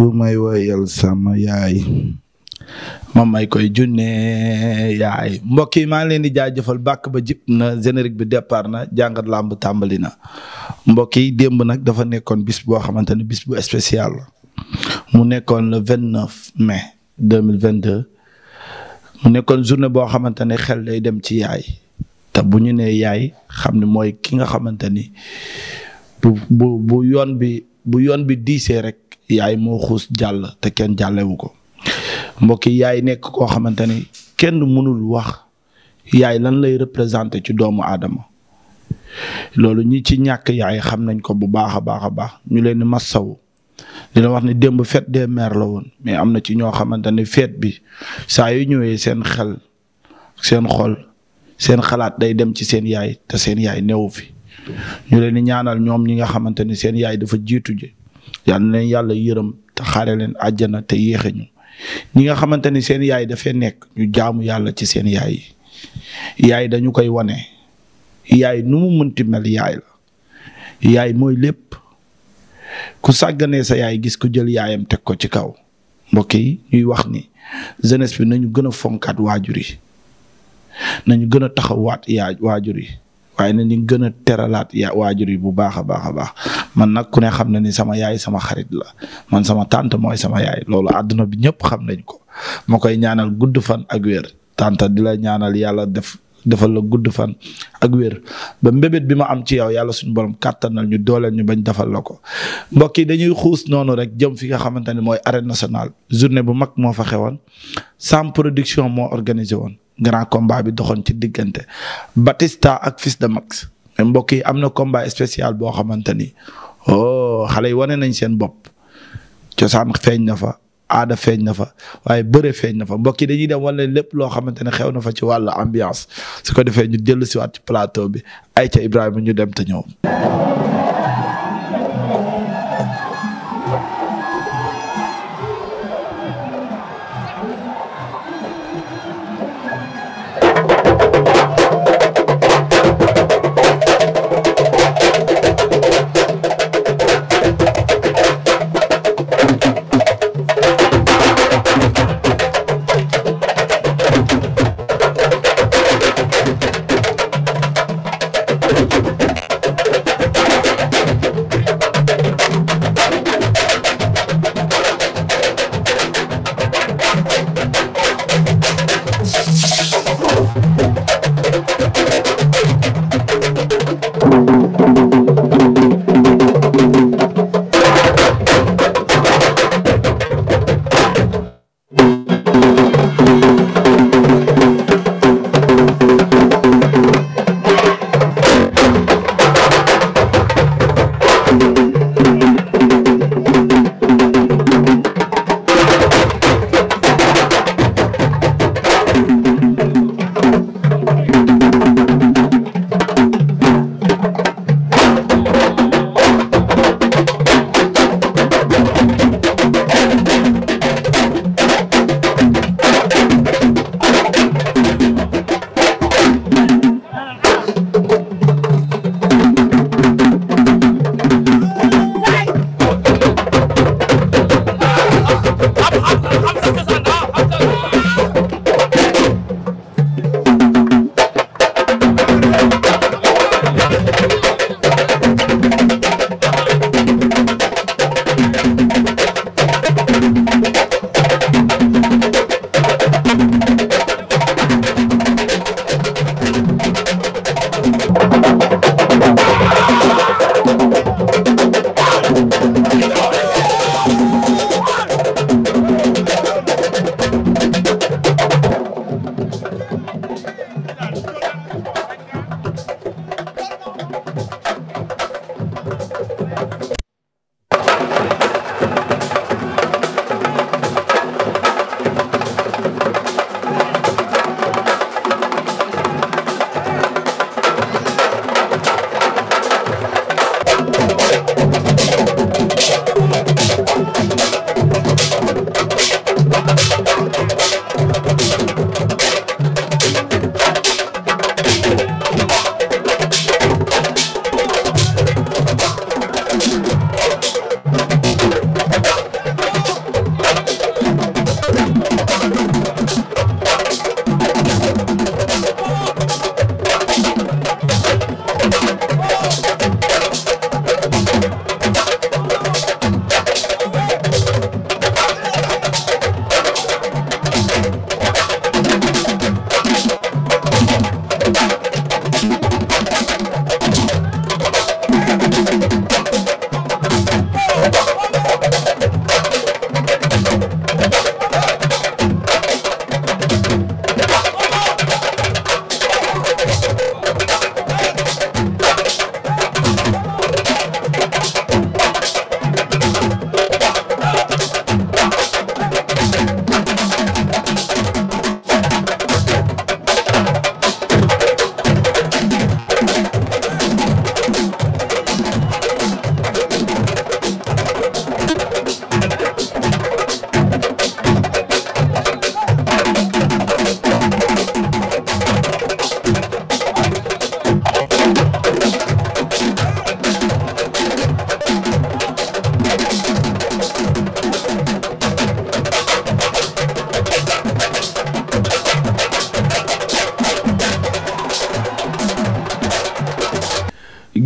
ku may woyal sama yaay ma may koy junne yaay mbokk yi maa ngi leen di jaajëfal bàkk ba jib na générique bi départ na jàngat làmb tàmbali na mbokk yi démb nag dafa nekkoon bis boo xamante ne bis bu spécial la mu nekkoon le vingt neuf mai deux mille vingt deux mu nekkoon journée boo xamante ne xel day dem ci yaay te bu ñu ne yaay xam ne mooy ki nga xamante ni bu bu bu yoon bi diisee rek. yaay moo xuus jàll te kenn jàllewu ko mbokk yaay nekk koo xamante ni kenn mënul wax yaay lan lay représenté ci doomu aadama loolu ñi ci ñàkk yaay xam nañ ko bu baax a baax a baax ñu leen di massawu dina wax ni démb fête des mères la woon mais am na ci ñoo xamante ne fête bi saa yu ñëwee seen xel seen xol seen xalaat day dem ci seen yaay te seen yaay newu fi ñu leen di ñaanal ñoom ñi nga xamante seen yaay dafa jiitu ji yal na yàlla yërëm te xaare leen àjjana te yéexe ñu ñi nga xamante ni seen yaay dafee nekk ñu jaamu yàlla ci seen yaay yaay dañu koy wane yaay nu mu mënti mel yaay la yaay mooy lépp ku sàgganee sa yaay gis ku jël yaayam teg ko ci kaw mbokk yi ñuy wax ni jeunesse bi nañu gën a fonkaat waajur yi nañu gën a taxawaat yaay waajur yi waaye na ñu gën a teralaat waajur yi bu baax a baax a baax man nag ku ne xam na ni sama yaay sama xarit la man sama tante mooy sama yaay loolu àdduna bi ñëpp xam nañ ko moo koy ñaanal gudd fan ak wér tante di la ñaanal yàlla def defal la gudd fan ak wér ba mbébét bi ma am ci yow yàlla suñu borom kàttanal ñu dooleel ñu bañ defal la ko mbokk yi dañuy xuus noonu rek jëm fi nga xamante ne mooy arène national journée bu mag moo fa xewoon Sam Production moo organisé woon grand combat bi doxoon ci diggante Batista ak Fils de Max mais mbokk yi am na combat spécial boo xamante ni oh, xale yi wane nañ seen bopp cosaan feeñ na fa aada feeñ na fa waaye bëre feeñ na fa mbokk yi dañuy dem wala lépp loo xamante ne xew na fa ci wàll ambiance su ko defee ñu dellu siwaat ci plateau bi ay ca Ibrahima ñu dem te ñëw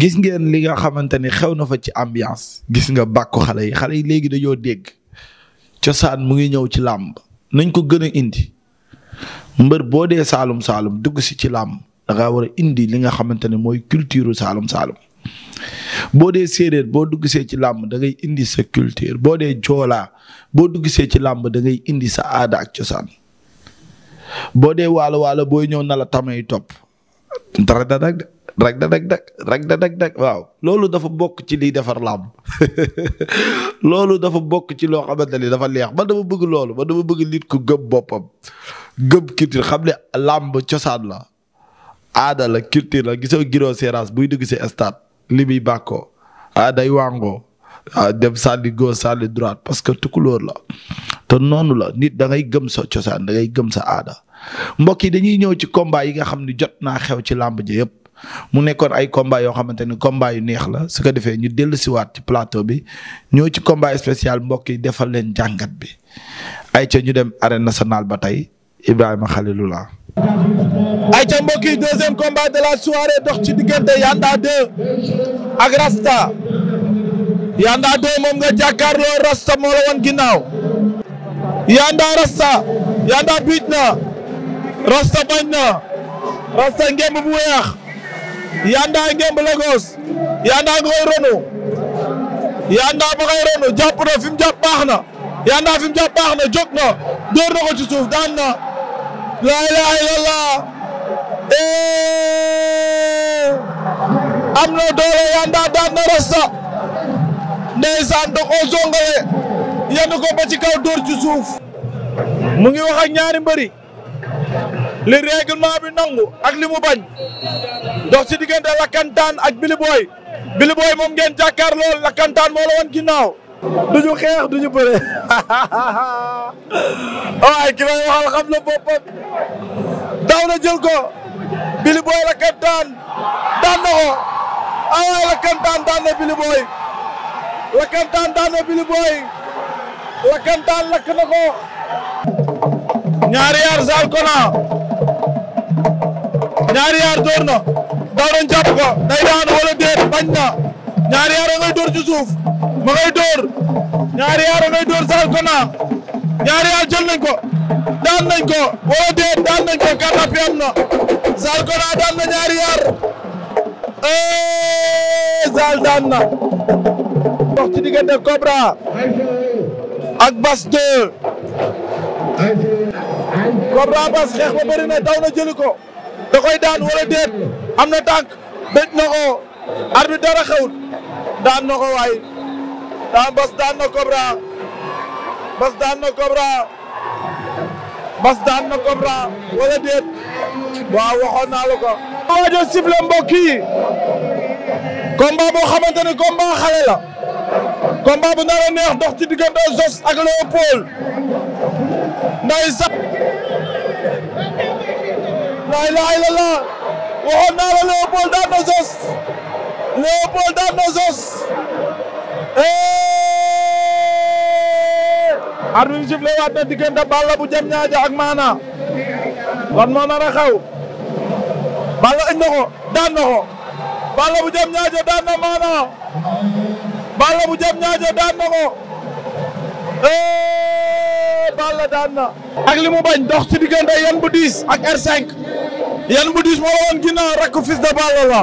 gis ngeen li nga xamante ni xew na fa ci ambiance gis nga bàkku xale yi xale yi léegi dañoo dégg cosaan mu ngi ñëw ci làmb nañ ko gën a indi mbër boo dee saalum saalum dugg si ci làmb da ngaa a indi li nga xamante ne mooy culture saalum saalum boo dee séeréer boo dugg see ci làmb da indi sa culture boo dee joolaa boo dugg see ci làmb dangay indi sa aada ak cosaan boo dee waalo waalo booy ñëw nala la topp dara dara rek da dag dag da waaw loolu dafa bokk ci liy defar làmb loolu dafa bokk ci loo xamante ni dafa leex ba dama bëgg loolu ba dama bëgg nit ku gëm boppam gëm culture xam ne làmb cosaan la aada la culture la gisoo Guiro Seras buy diggu si stade li muy bàkkoo ah day wàngoo ah dem sànni gauche sànni droite parce que tukulóor la te noonu la nit dangay ngay gëm sa cosaan da ngay gëm sa aada mbokk yi dañuy ñëw ci combat yi nga xam ni jot naa xew ci làmb ji yëpp. mu nekkoon ay combat yoo xamante ni combat yu neex la su ko defee ñu dellu siwaat ci plateau bi ñëw ci combat spécial mbokk yi defal leen jàngat bi ay ca ñu dem arène nationale ba tey Ibrahima Khalilullah ay ca mbokk deuxième combat de la dox ci diggante Yanda 2 ak Rasta Yanda 2 moom nga jàkkaarloo Rasta moo la woon ginnaaw Yanda Rasta Yanda biit na Rasta bañ na Rasta ngemb bu weex Yanda ngemb Lagos Yanda nga koy Yanda ba koy ronu jàpp na fi mu jàpp na Yanda fi mu jàpp na jóg na dóor na ko ci daan na laa ilaaha illallaah eh. am na doole Yanda daan na rasta ndeysaan da koo zongale yenn ko ba ci kaw dóor mu ngi wax ak ñaari mbëri li règlement bi nangu ak li mu bañ dox ci diggante lakkantaan ak Billy Boy Billy moom ngeen jàkkaar lool lakkantaan moo la woon ginnaaw duñu xeex duñu bëre waaye ki may waxal xam na boppam daw na jël ko Billy lakkantaan daan na ko awaay ah, lakkantaan daan na Billy lakkantaan daan na Billy Boy saal ko na ñaari yaar door na daw nañ jàpp ko day daanu wala déet bañ na ñaari yaar a ngay door ci suuf ma ngay door ñaari yaar a ngay door sal ko naa ñaari yaar jël nañ ko daan nañ ko wala déet daan nañ ko kàllaap am na sal ko naa daan na ñaari yaar eh sal daan na. dox ci diggante Cobra ak Bass 2 Cobra Bass xeex ba bëri na daw na jëli ko. da koy daan wala déet am na tànk dëj na ko dara xewut daan na waay bas daan na Cobra bas daan na Cobra bas wala déet waaw waxoon naa la ko waajo sifflé mbokk yi combat boo xamante ne combat xale la neex dox ci diggante Zoss ak Léopold nday sax laa ilaaha illallaah waxoon naa la Léopold daan na Zoss Léopold daan na Zoss eh! arbitre bi na diggante Balla bu jam ñaaja ak Maana lan moo nar a Balla ëñ na ko daan Balla bu jam ñaaja daan Maana Balla bu jam ñaaja daan na ko eh! Balla daan ak li mu bañ dox ci diggante yan bu ak R5 yan bu diis moo la woon ginnaaw rakk Fils de Balla la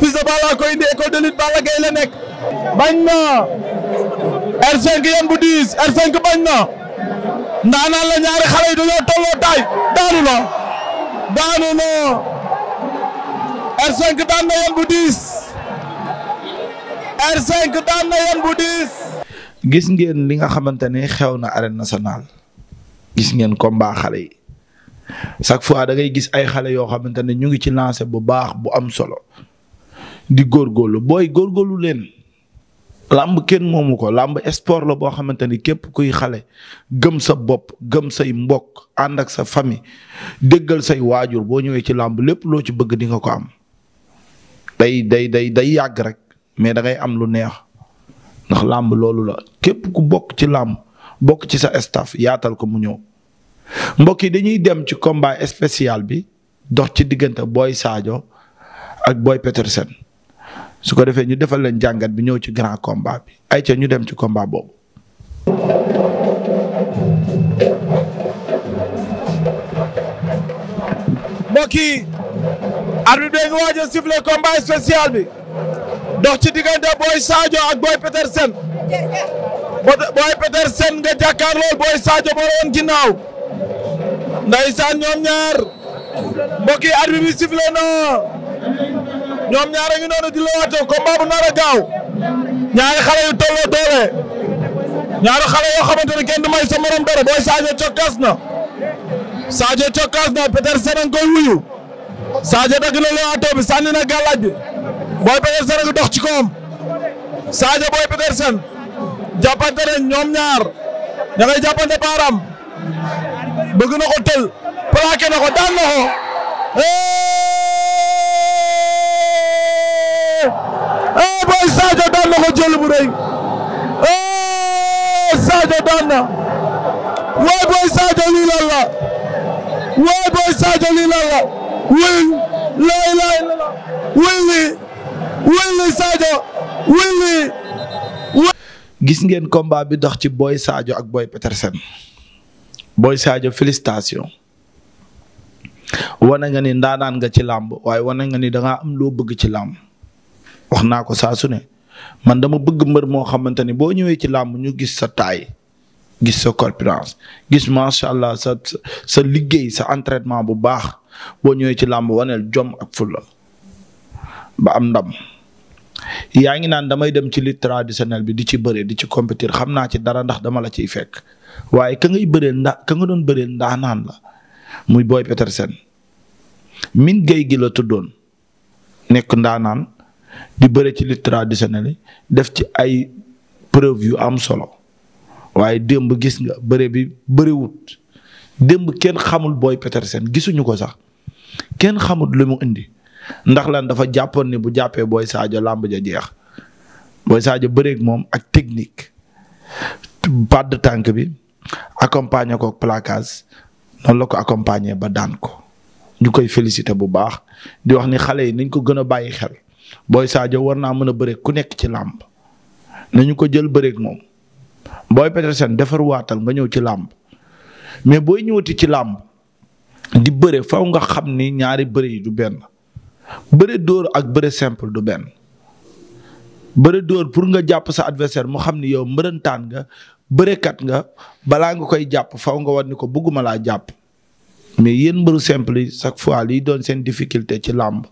Fils de Balla koy indi école de lutte Balla Gaye la nekk bañ na R5 yan bu diis R5 bañ na ndaanaan la ñaari xale yi dañoo tolloo daanu na daanu na daan na yan bu diis gis ngeen li nga xamante ne xew na arène nationale gis ngeen combat xale yi chaque fois da ngay gis ay xale yoo xamante ne ñu ngi ci lancé bu baax bu am solo di góor góorgóorlu booy góorlu leen. làmb kenn moomu ko làmb sport la boo xamante ni képp kuy xale gëm sa bopp gëm say mbokk ànd ak sa famille dëggal say waajur boo ñëwee ci làmb lépp loo ci bëgg di nga ko am. day day day day yàgg rek mais da ngay am lu neex ndax làmb loolu la képp ku bokk ci làmb bokk ci sa staff yaatal ko mu ñëw. mbokk yi dañuy dem ci combat spécial bi dox ci diggante booy saajo ak Boy Petersen su ko defee ñu defal leen jàngat bi ñëw ci grand combat bi ay ñu dem ci combat boobu. mbokk yi arbitre bi nga waaj a siffler combat spécial bi dox ci diggante Boy ak Boy Petersen Boy Petersen nga ndeysaan ñoom ñaar mbokk yi arbitre bi sifflé na ñoom ñaar a ngi noonu di lewaatoo combat bu nar a gaaw ñaari xale yu tolloo doole ñaari xale yoo xamante ne kenn du may sa morom dara booy Sadio cokkaas na Sadio cokkaas na Petersen a ngi koy wuyu Sadio dagg na lewaatoo bi sànni na gàllaaj bi booy Petersen a ngi dox ci koom Sadio booy Petersen jàppante ne ñoom ñaar da ngay jàppante baaraam bëgg na ko tël plaqué na ko daan na ko eh, eh booy Sadio daan na ko jël bu rëy eh Sadio daan na waay booy Sadio lii lan la waay booy Sadio lii lan la wil lay lay wil li wil li Sadio wil li gis ngeen combat bi dox ci Boy Sadio ak Boy Petersen booy Sadio félicitation wane nga ni ndaanaan nga ci làmb waaye wane nga ni dangaa am loo bëgg ci làmb wax naa ko saa su ne man dama bëgg mbër moo xamante ni boo ñëwee ci làmb ñu gis sa taay gis sa corpulence gis macha allah sa sa liggéey sa entraitement bu baax boo ñëwee ci làmb waneel jom ak fulla ba am ndam yaa ngi naan damay dem ci lutte traditionnelle bi di ci bëree di ci compétir xam naa ci dara ndax dama la ciy fekk waaye ka ngay bëreel nda ka nga doon bëreel ndaanaan la muy Boy Petersen min géey gi la tuddoon nekk ndaanaan di bëre ci lutte traditionnelle def ci ay preuve yu am solo waaye démb gis nga bëre bi bëriwut démb kenn xamul Boy Petersen gisuñu ko sax kenn xamul lu mu indi ndax lan dafa jàppoon ni bu jàppee booy Sadio làmb ja jeex booy Sadio bëreek moom ak technique de tànk bi accompagner ko placage noonu la ko accompagner ba daan ko ñu koy féliciter bu baax di wax ni xale yi nañ ko gën a bàyyi xel booy Sadio war naa mën a bëreeg ku nekk ci làmb nañu ko jël bëreek moom booy Petersen defar waatal nga ñëw ci làmb mais booy ñëwati ci làmb di bëree faw nga xam ni ñaari bëre yi du benn bëre door ak bëre simple du benn bëre door pour nga jàpp sa adversaire mu xam ni yow mbërëntaan nga bërekat nga balaa nga koy jàpp faw nga war ni ko bëgguma laa jàpp mais yéen mbëru simple yi chaque fois lii doon seen difficulté ci làmb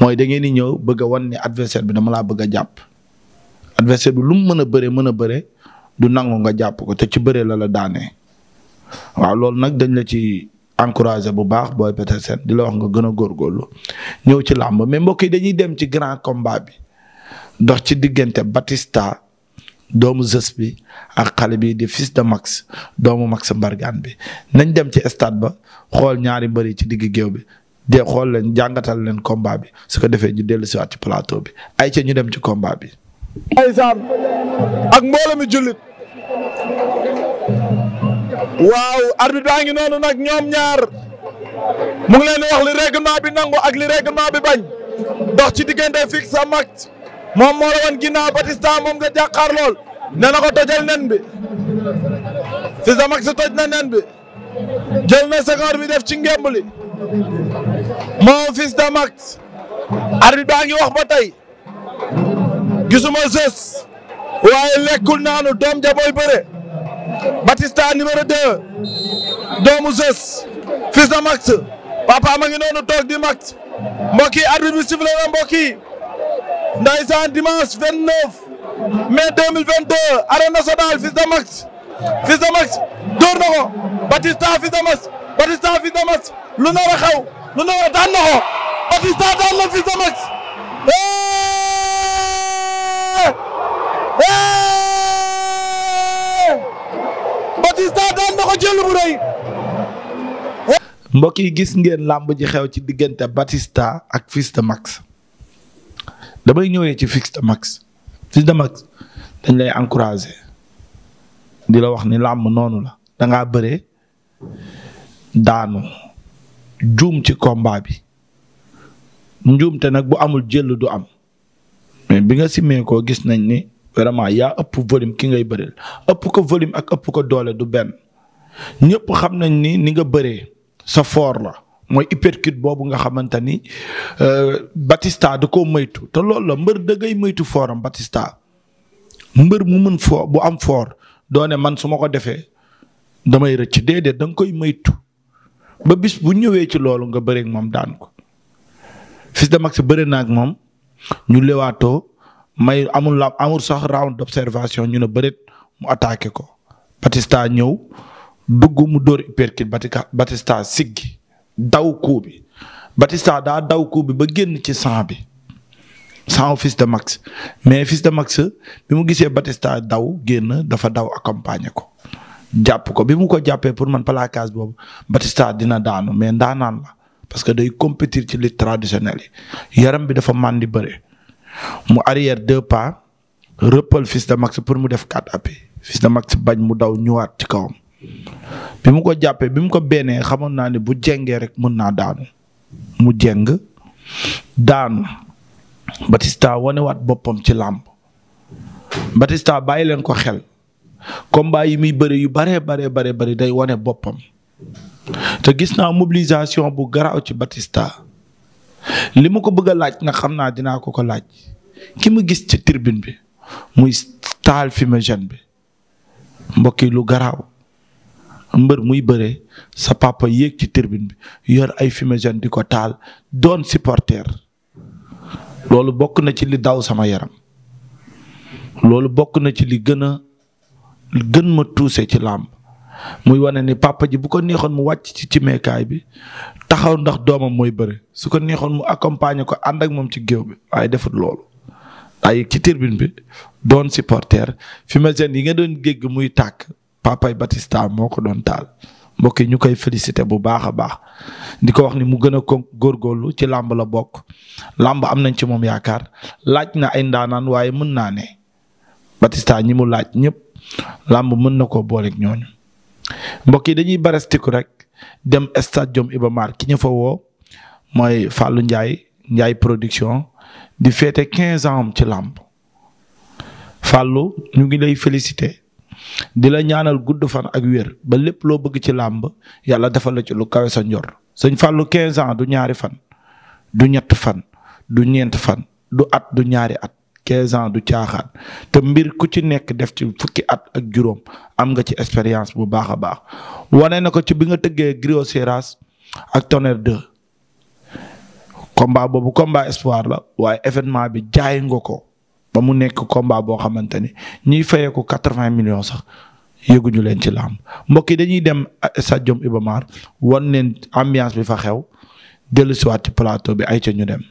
mooy da ngeen di ñëw bëgg a wan ni adversaire bi dama laa bëgg a jàpp adversaire bi lu mu mën a bëre mën a bëre du nangu nga jàpp ko te ci bëre lala la waaw loolu nag dañ la ci encouragé bu baax Boy Petersen di la wax nga gën a góorgóorlu ñëw ci làmb mais mbokk yi dañuy dem ci grand combat bi dox ci diggante Batista doomu Zeus bi ak xale bi di fils de Max doomu Max Mbargaan bi nañ dem ci stade ba xool ñaari mbëri ci digg géew bi de xool leen jàngatal leen combat bi su ko defee ñu dellu siwaat ci plateau bi ay ca ñu dem ci combat bi. ay ak mbooloo jullit waaw arbitre baa ngi noonu nag ñoom ñaar mu ngi leen di wax li règlement bi nangu ak li règlement bi bañ dox ci diggante Fils ak Max moom moo la woon ginnaaw Batista moom nga jàkkaar lool nee na ko tojal nen bi Fils ak Max toj na nen bi jël na seconde bi def ci ngemb li moom Fils ak Max arbitre baa ngi wax ba tey gisuma sës waaye lekkul naanu doom ja booy bëre Batista numéro 2 doomu Zeus fils de Max papa ma ngi noonu toog di Max mbokk na mbokk yi ndeysaan dimanche 29 mai 2022 arène nationale fils de Max fils de Max Batista fils Batista fils lu nar a lu nar a daan na Batista daan na fils na mbokk yi gis ngeen làmb ji xew ci diggante Batista ak Fils de Max damay ñëwee ci Fils Max Fils Max dañ lay encourager di la wax ni làmb noonu la da ngaa daanu juum ci komba bi njuumte nag bu amul jël du am mais bi nga simmee koo gis nañ ni vraiment yaa ëpp volume ki ngay bëreel ëpp ko volume ak ëpp ko doole du benn. ñëpp xam nañ ni ni nga bëree sa fort la mooy uppercut boobu nga xamante ni euh, Batista da koo moytu te loolu la mbër dëggay moytu fooram Batista mbër mu mën fort bu am foor doone man su ma ko defee damay rëcc déedéet da nga koy moytu ba bis bu ñëwee ci loolu nga bëreek moom daan ko Fils de Max bëri na ak moom ñu lewaatoo may amul la amul sax round d'observation ñu ne bëreet mu attaqué ko Batista ñëw. dugg mu dóor uppercut Batista siggi daw coup bi Batista daa daw coup bi ba génn ci sang bi sang Fils de Max mais Fils de Max bi mu gisee Batista daw génn dafa daw accompagner ko jàpp ko bi mu ko jàppee pour man palaa placage boobu Batista dina daanu mais ndaanaan la parce que day compétir ci lutte traditionnelle yi yaram bi dafa màndi bëre mu arrière deux pas rëppal Fils de Max pour mu def quatre appuis Fils de Max bañ mu daw ñëwaat ci kawam bi mu ko jàppee bi mu ko beenee xamoon naa ne bu jengee rek mën naa daan mu jeng daan Batista wanewaat boppam ci làmp Batista bàyyi leen ko xel combat yi muy bëri yu baree baree bare day wane boppam te gis naa mobilisation bu garaaw ci Batista li ma ko bëgg a laaj na xam naa dinaa ko ko laaj ki mu gis ci tirbin bi muy taal fumigène bi mbokk yi lu garaaw mbër muy bëree sa papa yéeg ci tribune bi yor ay fumigène di ko taal doon supporter loolu bokk na ci li daw sama yaram loolu bokk na ci li gën a gën ma tuuse ci làmb muy wane ni papa ji bu ko neexoon mu wàcc ci cimeekaay bi taxaw ndax doomam mooy bëre su ko neexoon mu accompagner ko ànd ak moom ci géew bi waaye defut loolu ay ci tirbine bi doon supporter fumigène yi nga doon dégg muy tàkk papay Batista moo ko doon taal mbokk yi ñu koy félicité bu baax a baax di ko wax ni mu gën a ko góorgóorlu ci làmb la bokk làmb am nañ ci moom yaakaar laaj na ay ndaanaan waaye mën naa ne Batista ñi mu laaj ñëpp làmb mën na koo booleeg ñooñu. mbokk yi dañuy barastiku rek dem stade Jom Iba Mar ki ñu fa woo mooy Fallou Ndiaye Ndiaye production di féete 15 ans am ci làmb falu ñu ngi lay félicité. di la ñaanal gudd fan ak wér ba lépp loo bëgg ci làmb yàlla defal la ci lu kawe sa njor sëñ Fallou 15 ans du ñaari fan du ñett fan du ñeent fan du at du ñaari at 15 ans du caaxaan te mbir ku ci nekk def ci fukki at ak juróom am nga ci expérience bu baax a baax wane na ko ci bi nga tëggee Grio Seras ak Tonnerre 2 komba boobu combat espoir la waaye événement bi jaay nga ko. ba mu nekk combat boo xamante ni ñiy fayee ko quatre vingt million sax yëguñu leen ci làmb mbokk yi dañuy dem stade Iba Mar wan leen ambiance bi fa xew dellusiwaat ci plateau bi ay ca ñu dem.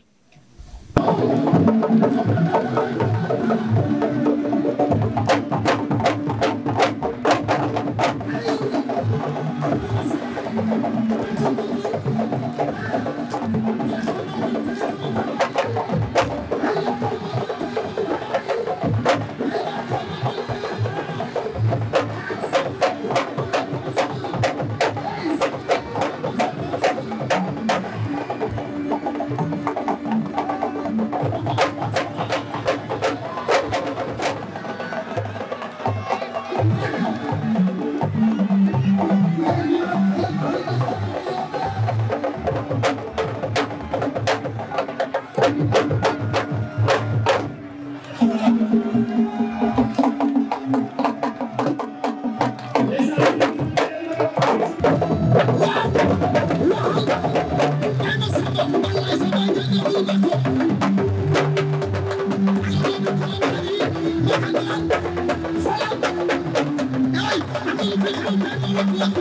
a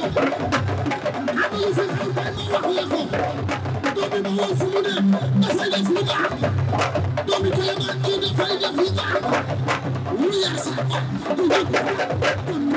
Thank you.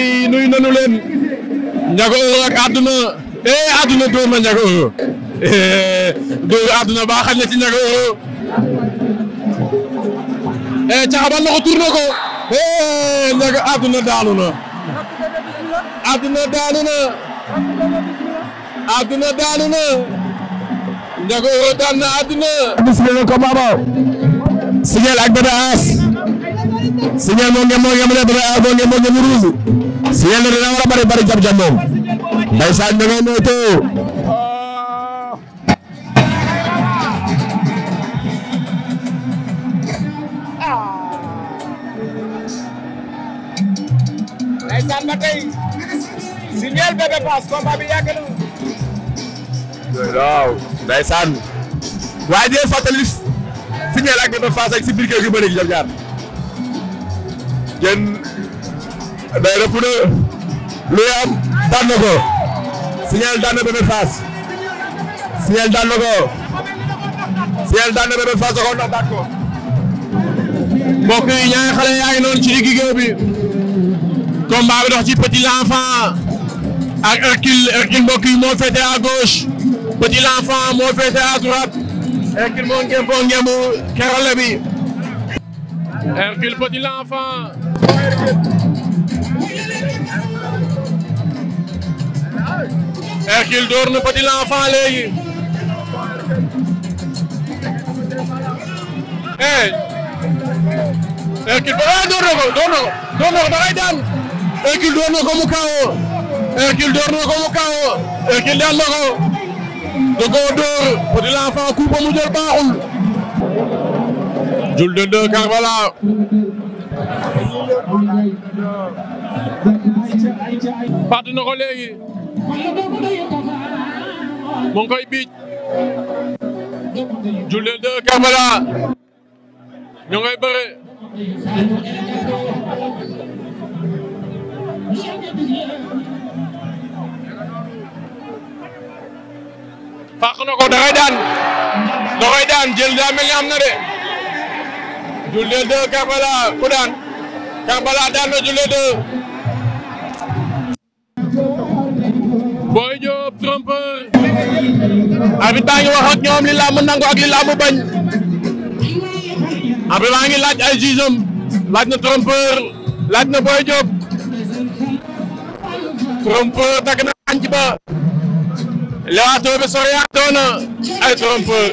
yi nuyu nanu leen Ndiago Euro ak àdduna eh àdduna dóor na Ndiago Euro eh, dóor àdduna ba xañ na ci Ndiago Euro eh caxabal na ko tourné ko eh Ndiago àdduna daanu na àdduna daanu na àdduna daanu na Ndiago Euro daan na àdduna bismillah ko baba signal ak Bébé Ass signal moo ngeen moo ngeen moo ngeen Bébé Ass moo ngeen moo ngeen ruusu si yéen a dina war a bari bari jam jam moom ndeysaan da ngay nootoo ndeysaan ba tey signal Bébé Pass combat bi yàgg na waaw ndeysaan waaye dee fàttali signal ak Bébé Pass ak si biir kër gi bëri gi jam ñaar day rëpp na lu am daan na ko signal daan na Bébé Fass signal daan na ko signal daan na Bébé Fass ko na daan ko mbokk yi ñaari xale yaa ngi noonu ci digg géew bi combat bi dox ci petit l'enfant ak Hercule Hercule mbokk yi moo féete à gauche petit l'enfant moo féete à droite Hercule moo ngem boo ngemu kerole bi Hercule petit l'enfant Hercule door na Petit l'Enfant léegi. hey. Hercule ba ah door na ko door na ko door na ko ba ay daan. Hercule door na ko mu kaawoo. Hercule door na ko mu kaawoo. Hercule daan na ko. da koo door Petit l'Enfant coup ba mu jël baaxul. Jules de deux Karbala. Fàtt na ko léegi. mu ngi koy biij Diouldé 2 Karbala ñu ngay na ko da koy daan da daan jël daa na de Diouldé 2 Karbala ku daan Karbala daan na Diouldé 2 arbitre baa ngi wax ak ñoom li làmb nangu ak li làmb bañ arbitre baa ngi laaj ay jugeem laaj na trompeur laaj na Boy Diop trompeur takk na ba lewaatoo bi soriyaatoo na ay trompeur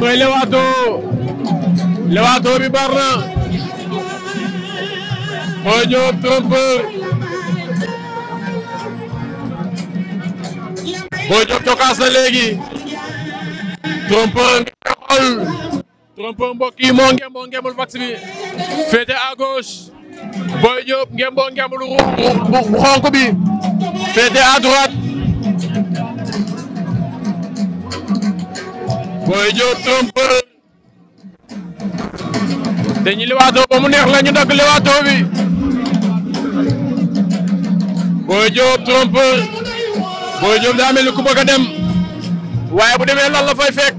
mooy lewaatoo lewaatoo bi bar na Boy Boy Diop cokaas na léegi trompeur nga xool trompeur mbokk yi moo ngemboo ngembul vax bi féete à gauche Boy Diop ngemboo ngembul bu xonk bi féete à Boy Diop trompeur Boy Diop daa mel ni ku bëgg dem waaye bu demee lan la fay fekk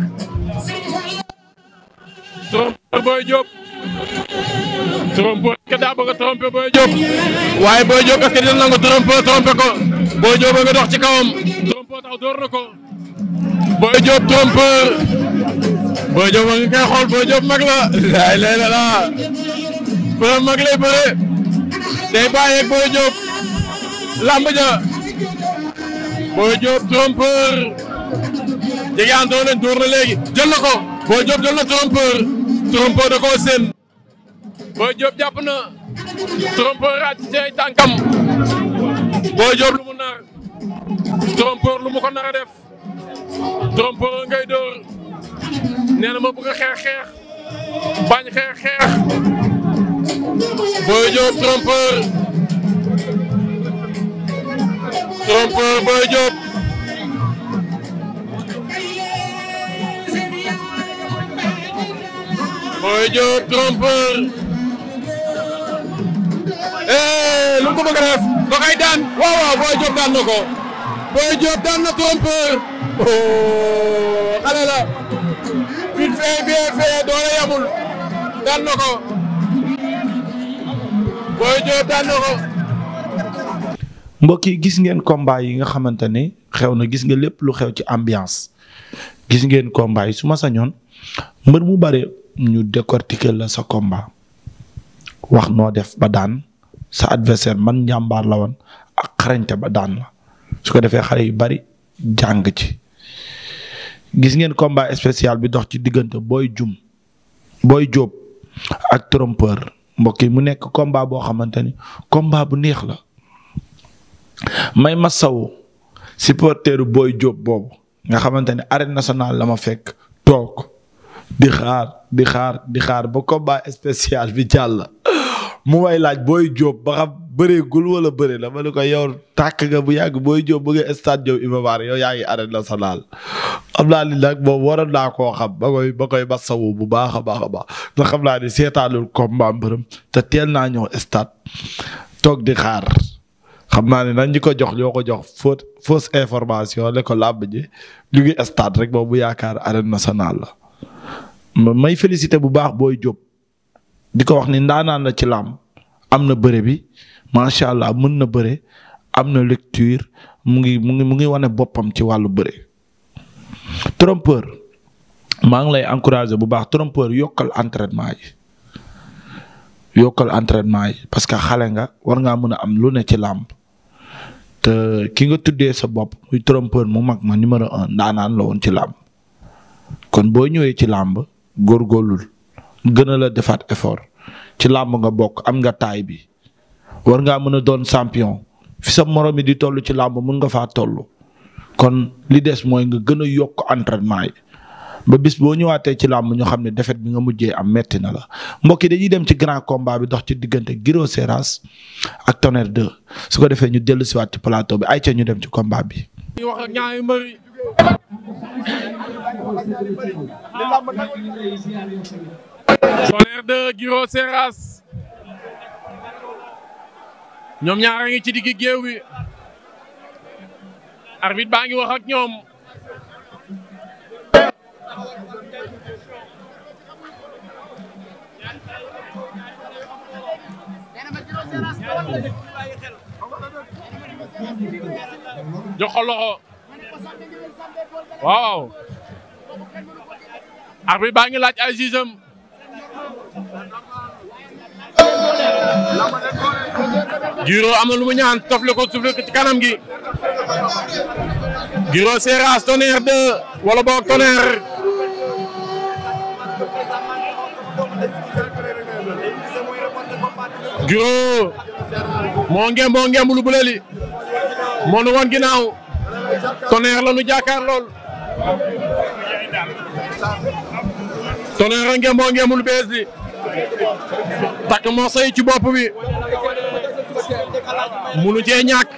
trompé Boy Diop ka daa bëgg a trompé Boy Diop waaye Boy Diop est-ce nangu trompé trompé ko Boy Diop nga dox ci kawam trompé tax door xool Boy Diop mag la laay lay la laa borom mag lay bëre Boy Diop trompeur Ndiéguène doole door na léegi jël na ko Boy Diop jël na trompeur trompeur da koo seen. Boy Diop jàpp na trompeur raaj ci lu mu nar lu mu ko a def trompeur ngay door nee na ma bëgg xeex xeex bañ xeex xeex Boy Diop trompeur. Trompeur Boy Diop Boy Diop Trompeur eh lu mu ko bëgg a def da koy daan waaw waaw Boy Diop daan na ko Boy Diop daan na Trompeur oh xale la vite fait bien fait doole yamul daan na ko Boy Diop daan na ko mbokk yi gis ngeen combat yi nga xamante ne xew na gis nga lépp lu xew ci ambiance gis ngeen combat yi su ma sañoon mbër mu bare ñu décortiquer la sa combat wax noo def ba daan sa adversaire man njàmbaar la woon ak xarañte ba daan la su ko defee xare yu bari jàng ci gis ngeen combat spécial bi dox ci diggante booy jum booy jóob ak trompeur mbokk yi mu nekk combat boo xamante ni combat bu neex la may ma saw supporteru booy Diop boobu nga xamante ne arène nationale la ma fekk toog di xaar di xaar di xaar ba combat spécial bi jàll mu way laaj booy Diop ba xam bëreegul wala bëre la ma ne ko yow tàkk nga bu yàgg booy Diop bu ngeen stade Diop Iba Mar yow yaa ngi arène nationale xam naa ni nag moom waroon naa koo xam ba koy ba koy bu baax a baax a baax xam naa ni seetaanul combat mbërëm te teel naa ñoo stade toog di xaar. xam naa ne nañ ñu ko jox ñoo ko jox fausse information ne ko làmb ji ñu stade rek boobu yaakaar arène nationale la. may félicité bu baax booy Diop di ko wax ni ndaanaan la ci làmb am na bëre bi macha allah mën na bëre am na lecture mu ngi mu ngi mu ngi wane boppam ci wàllu bëre. trompeur maa ngi lay encouragé bu baax trompeur yokkal entraînement yi. yokkal entraînement yi parce que xale nga war ngaa mën a am lu ne ci làmb te ki nga tuddee sa bopp muy trompeur mu mag ma numéro un ndaanaan la woon ci làmb kon boo ñëwee ci làmb góorgóorlul gën a la defaat effort ci làmb nga bokk am nga taay bi war ngaa mën a doon champion fi sa morom yi di toll ci làmb mën nga faa tollu kon li des mooy nga gën a yokk entraînement yi ba bis boo ñëwaatee ci làmb ñu xam ne defet bi nga mujjee am mettina la mbokk dañuy dem ci grand combat bi dox ci diggante Guiro Seras ak Tonnerre 2 su ko defee ñu dellu siwaat ci plateau bi ay ca ñu dem ci combat bi. ñu wax ak ñaari Guiro Seras ñoom ñaara ngi ci digg géew bi arbitre baa ngi wax ak ñoom. jox ko loxo waaw arbitre baa ngi laaj ay jugeem Guiro am na lu ñaan tofle ko suufle ko ci kanam gi Guiro Seras Tonnerre wala boog Tonnerre Giro moo ngem moo ngem lu bële li moo nu ginnaaw la nu jàkkaar lool Tonnerre ngem moo ngem lu bees li takk morso yi ci bopp bi munu cee ñàkk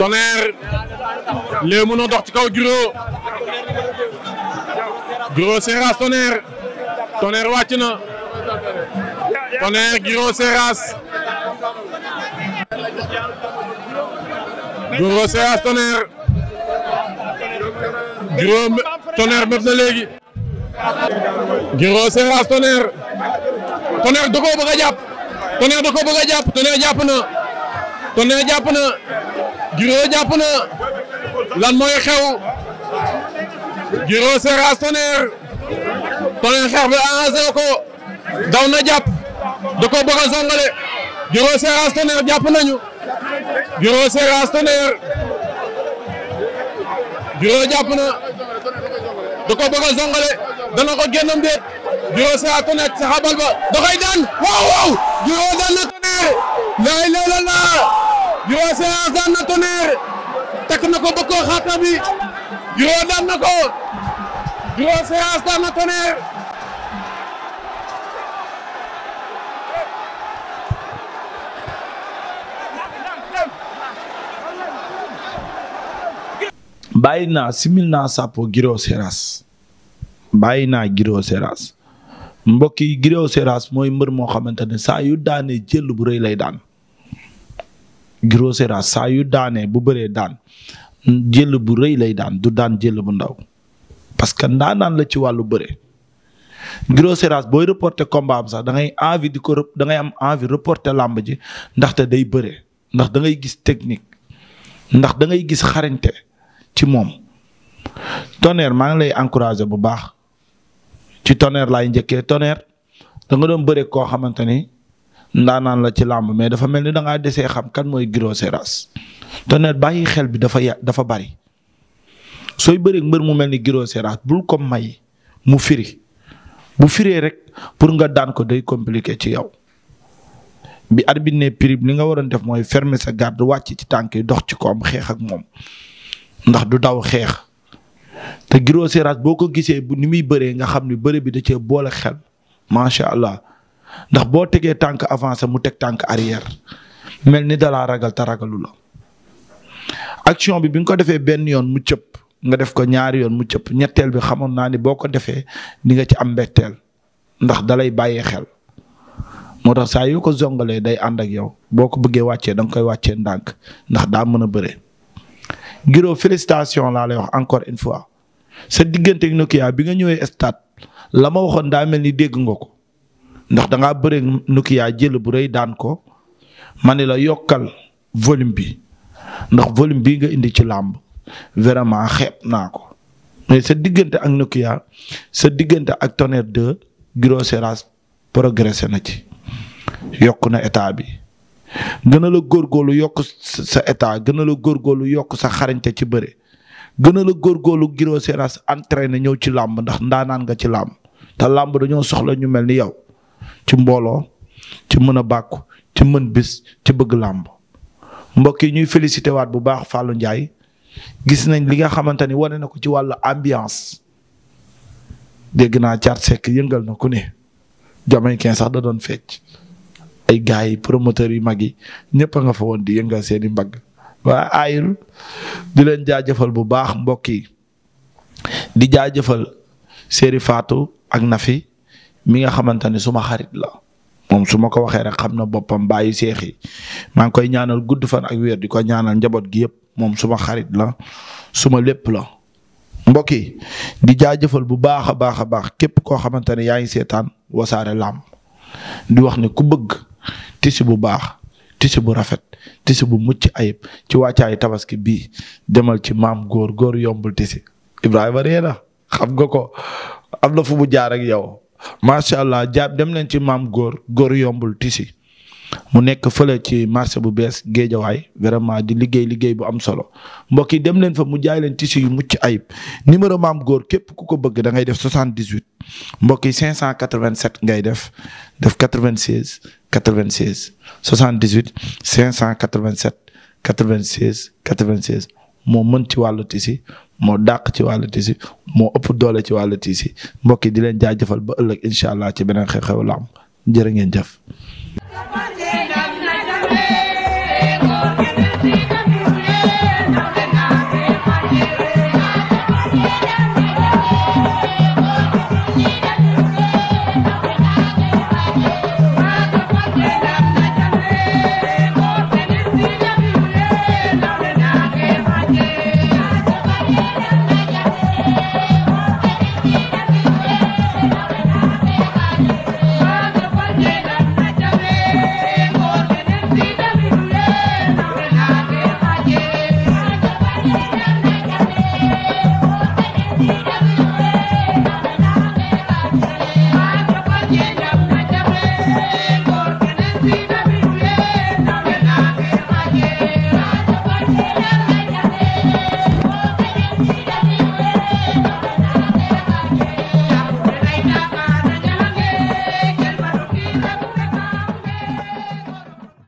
Tonnerre lee mun a ci kaw Giro Giro Seras Tonnerre Tonnerre wàcc na Tonnerre Guiro Seras Guiro Seras Tonnerre Guiro Tonnerre mépp na léegi Guiro Seras Tonnerre Tonnerre da koo bëgg a jàpp Tonnerre da koo bëgg a jàpp Tonnerre jàpp na Tonnerre jàpp na Guiro jàpp na lan mooy xew Guiro Seras Tonnerre Tonnerre xeex bi arrangé na ko daw na jàpp da ko bëgg a songale Guiro Seras jàpp nañu Guiro Seras Tonnerre Guiro jàpp na da ko bëgg a songale dana ko génnam déet Guiro Seras Tonnerre sa ba da daan waaw waaw Guiro daan na Tonnerre laay leela laa Guiro Seras daan na Tonnerre takk na ko bëgg ko bi Guiro daan na Gros Séras daan na Tonnerre bàyyi naa simil naa sàppo Gros bàyyi naa Gros Séras mbokk yi mooy mbër moo xamante ne saa yu daanee jël bu rëy lay daan Gros saa yu daane bu bëree daan jël bu rëy lay daan du daan jël bu ndaw parce que ndaanaan la ci wàllu bëre. Guiro Séras booy reporter combat am sax da ngay di ko da dangay am envie reporter làmb ji ndaxte day bëre ndax dangay gis technique ndax da ngay gis xarañte ci moom. Tonnerre maa ngi lay encourager bu baax ci Tonnerre laay njëkkee Tonnerre da doon bëre koo xamante ni ndaanaan la ci làmb mais dafa mel ni da ngaa desee xam kan mooy Guiro Séras Tonnerre bàyyi xel bi dafa ya dafa bari sooy bëreeg mbër mu mel ni Guiro Seras bul ko may mu firi bu firee rek pour nga daan ko day compliqué ci yow. bi arbitre ne prib li nga waroon def mooy ferme sa garde wàcc ci tànk yi dox ci ko am xeex ak moom ndax du daw xeex te Guiro boo ko gisee bu ni muy bëree nga xam ni bëre bi da cee boole xel macha allah ndax boo tegee tànk avancé mu teg tànk arrière mel ni dalaa ragal te ragalu la action bi bi nga ko defee benn yoon mu cëpp nga def ko ñaari yoon mu cëpp ñetteel bi xamoon naa ni boo ko defee di nga ci am mbetteel ndax dalay bàyyee xel moo tax saa yu ko zongalee day ànd ak yow boo ko bëggee wàccee danga koy wàcce ndànk ndax daa mën a bëre. Giro félicitation laa lay wax encore une fois sa diggante Nokia bi nga ñëwee stade la ma waxoon daa mel ni dégg nga ko ndax da ngaa bëre jël bu rëy daan ko ma ne la yokkal volume bi ndax volume bii nga indi ci làmb vraiment xeet naa ko mais sa diggante ak Nokia sa diggante ak Tonnerre 2 Guiro Seras progressé na ci yokk na état bi gën a la góorgóorlu yokk sa état gën a la yokk sa xarañte ci bëre gën a la góorgóorlu Guiro Seras entraîné ñëw ci làmb ndax ndaanaan nga ci làmb te làmb dañoo soxla ñu mel ni yow ci mbooloo ci mën a bàkku ci mën bis ci bëgg làmb mbokk yi ñuy félicité waat bu baax Fallou Ndiaye gis nañ li nga xamante ni wane na ko ci wàllu ambiance dégg naa caat sekk yëngal na ku ne jamaïcain sax da doon fecc ay gars yi promoteurs yu mag yi ñëpp a nga fa woon di yëngal seen i mbagg waa aayul di leen jaajëfal bu baax mbokk yi di jaajëfal Seri faatu ak Nafi mi nga xamante ni suma xarit la moom su ma ko waxee rek xam na boppam bàyyi seex yi maa ngi koy ñaanal gudd fan ak weer di ko ñaanal njaboot gi yëpp. moom suma xarit la suma lépp la. mbokk yi di jaajëfal bu baax a baax a baax képp koo xamante ne yaa ngi seetaan wasaare làmb di wax ne ku bëgg tisi bu baax tisi bu rafet tisi bu mucc ayib ci wàccaayu tabaski bii demal ci maam góor góor yombul tisi Ibrahima ree na xam nga ko am na fu mu jaar ak yow macha allah jaar dem leen ci maam góor góor yombul tisi mu nekk fële ci marché bu bees géejawaay vraiment di liggéey liggéey bu am solo mbokk yi dem leen fa mu jaay leen tissu yu mucc ayib numéro maam góor képp ku ko bëgg da ngay def 78 mbokk yi 587 ngay def def 96 96 78 587 96 96 moo mën ci wàllu tissu moo dàq ci wàllu tissu moo ëpp doole ci wàllu tissu mbokki di leen jëfal ba ëllëg incha allah ci beneen xew-xew laam am jërë ngeen jëf. Thank you.